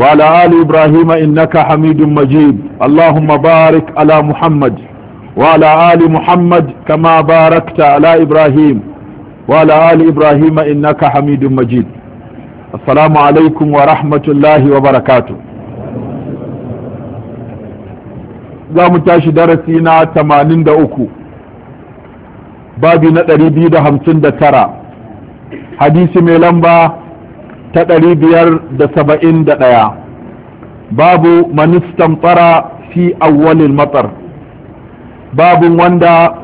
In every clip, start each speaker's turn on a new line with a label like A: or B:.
A: وعلى آل إبراهيم إنك حميد مجيد اللهم بارك على محمد وعلى آل محمد كما باركت على إبراهيم وعلى آل إبراهيم إنك حميد مجيد السلام عليكم ورحمة الله وبركاته za mu tashi darasi na tamanin da uku babi na ɗari biyu da hamsin da tara hadisi mai lamba ta ɗari biyar da saba'in da ɗaya babu manistan tsara fi awwalin matsar babu wanda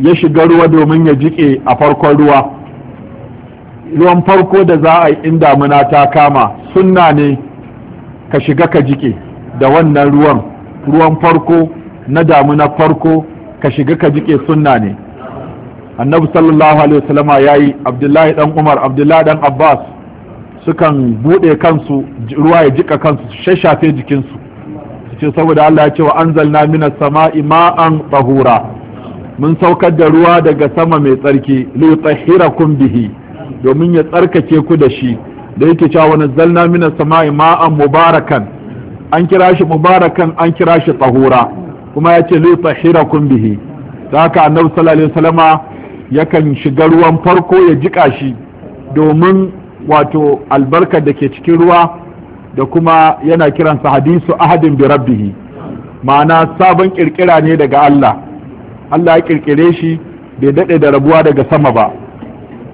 A: ya shiga ruwa domin ya jiƙe a farkon ruwa ruwan farko da za a yi in damuna ta kama sunna ne ka shiga ka jiƙe da wannan ruwan ruwan farko na damuna farko ka shiga ka jiƙe sunna ne annabi sallallahu alaihi wasallama ya yi abdullahi ɗan umar abdullahi dan abbas sukan bude kansu ruwa ya jika kansu su shashafe jikinsu su ce saboda Allah ya ce wa anzalna minas sama'i an tahura mun saukar da ruwa daga sama mai tsarki li kun bihi domin ya tsarkake ku da shi da yake cewa wani zalna minas sama'i an mubarakan an kira shi mubarakan an kira shi tahura kuma ya ce li kun bihi ta haka annabi sallallahu alaihi yakan shiga ruwan farko ya jika shi domin wato albarkar da ke cikin ruwa da kuma yana kiransa hadisu ahadin bi rabbihi ma'ana sabon kirkira ne daga Allah Allah ya kirkire shi bai daɗe da rabuwa daga sama ba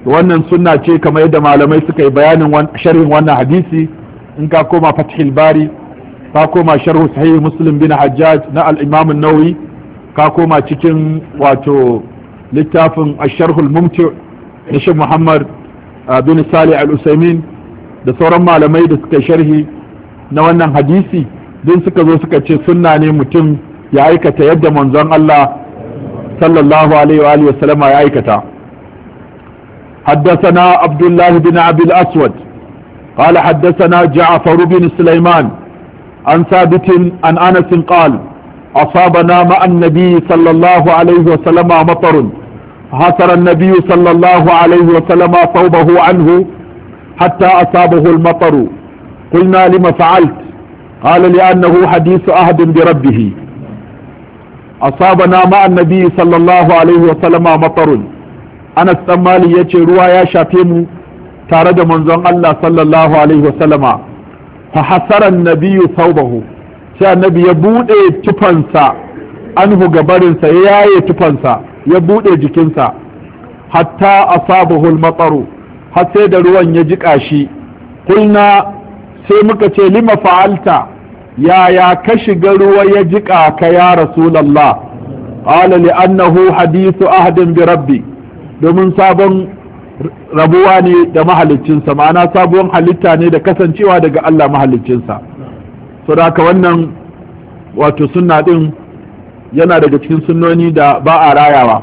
A: wannan sunna ce kamar yadda malamai suka yi bayanin sharhin wannan hadisi in ka koma fathil bari ka koma sharhu sahih muslim bin hajjaj na al-imam an-nawawi ka koma cikin wato littafin asharhul mumti na Muhammad bin salih al-usaimin da sauran malamai da suka sharhi na wannan hadisi din suka zo suka ce sunna ne mutum ya aikata yadda manzon Allah sallallahu alaihi wa sallama ya aikata حدثنا عبد الله بن أبي الأسود قال حدثنا جعفر بن سليمان عن ثابت عن أنس قال أصابنا مع النبي صلى الله عليه وسلم مطر فحسر النبي صلى الله عليه وسلم ثوبه عنه حتى أصابه المطر قلنا لما فعلت قال لأنه حديث أهد بربه أصابنا مع النبي صلى الله عليه وسلم مطر أنا استمالي يتي رواية شاتيمو تارد منزون الله صلى الله عليه وسلم فحسر النبي ثوبه sai annabi ya buɗe tufansa an gabarinsa ya yaye tufansa ya buɗe jikinsa hatta a sabu mataru har sai da ruwan ya jiƙa shi kulna sai muka ce lima fa'alta yaya ka shiga ruwa ya jiƙa ka ya rasulallah ƙala li annahu hadithu ahadin bi rabbi domin sabon rabuwa ne da mahaliccinsa ma'ana sabuwar halitta ne da kasancewa daga Allah mahaliccinsa so da haka wannan wato sunna ɗin. yana daga cikin sunnoni da ba a rayawa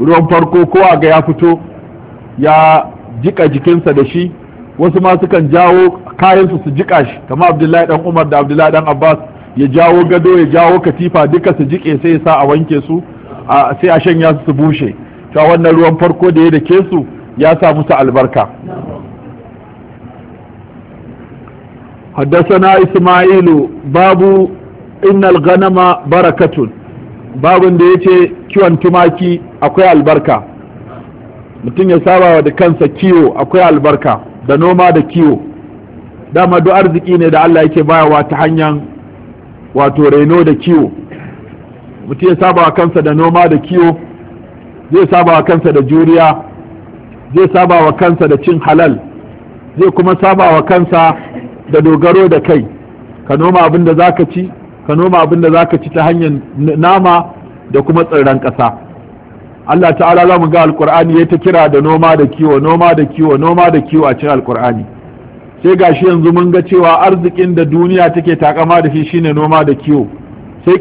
A: ruwan farko kowa ga ya fito ya jika jikinsa da shi wasu ma sukan jawo kayansu su jika shi kama abdullahi dan umar da abdullahi dan abbas ya jawo gado ya jawo katifa duka su jike sai ya sa a wanke su sai a shanya su su bushe ta wannan ruwan farko da ya dake su ya sa musu albarka حدثنا إسماعيل باب إن الغنم بركة babin da ya ce kiwon tumaki akwai albarka mutum ya saba da kansa kiwo akwai albarka da noma da kiwo dama duk arziki ne da Allah yake bayarwa ta hanyar wato reno da kiwo mutum ya saba wa kansa da noma da kiwo zai saba wa kansa da juriya zai saba wa kansa da cin halal zai kuma saba wa kansa da dogaro da kai ka noma abin da zaka ci ka noma abin da za ka ci ta hanyar nama da kuma tsirran ƙasa Allah ta'ala za mu ga alkur'ani ya ta kira da noma da kiwo noma da kiwo noma da kiwo a cikin alkur'ani sai gashi yanzu mun ga cewa arzikin da duniya take takama da shi shine noma da kiwo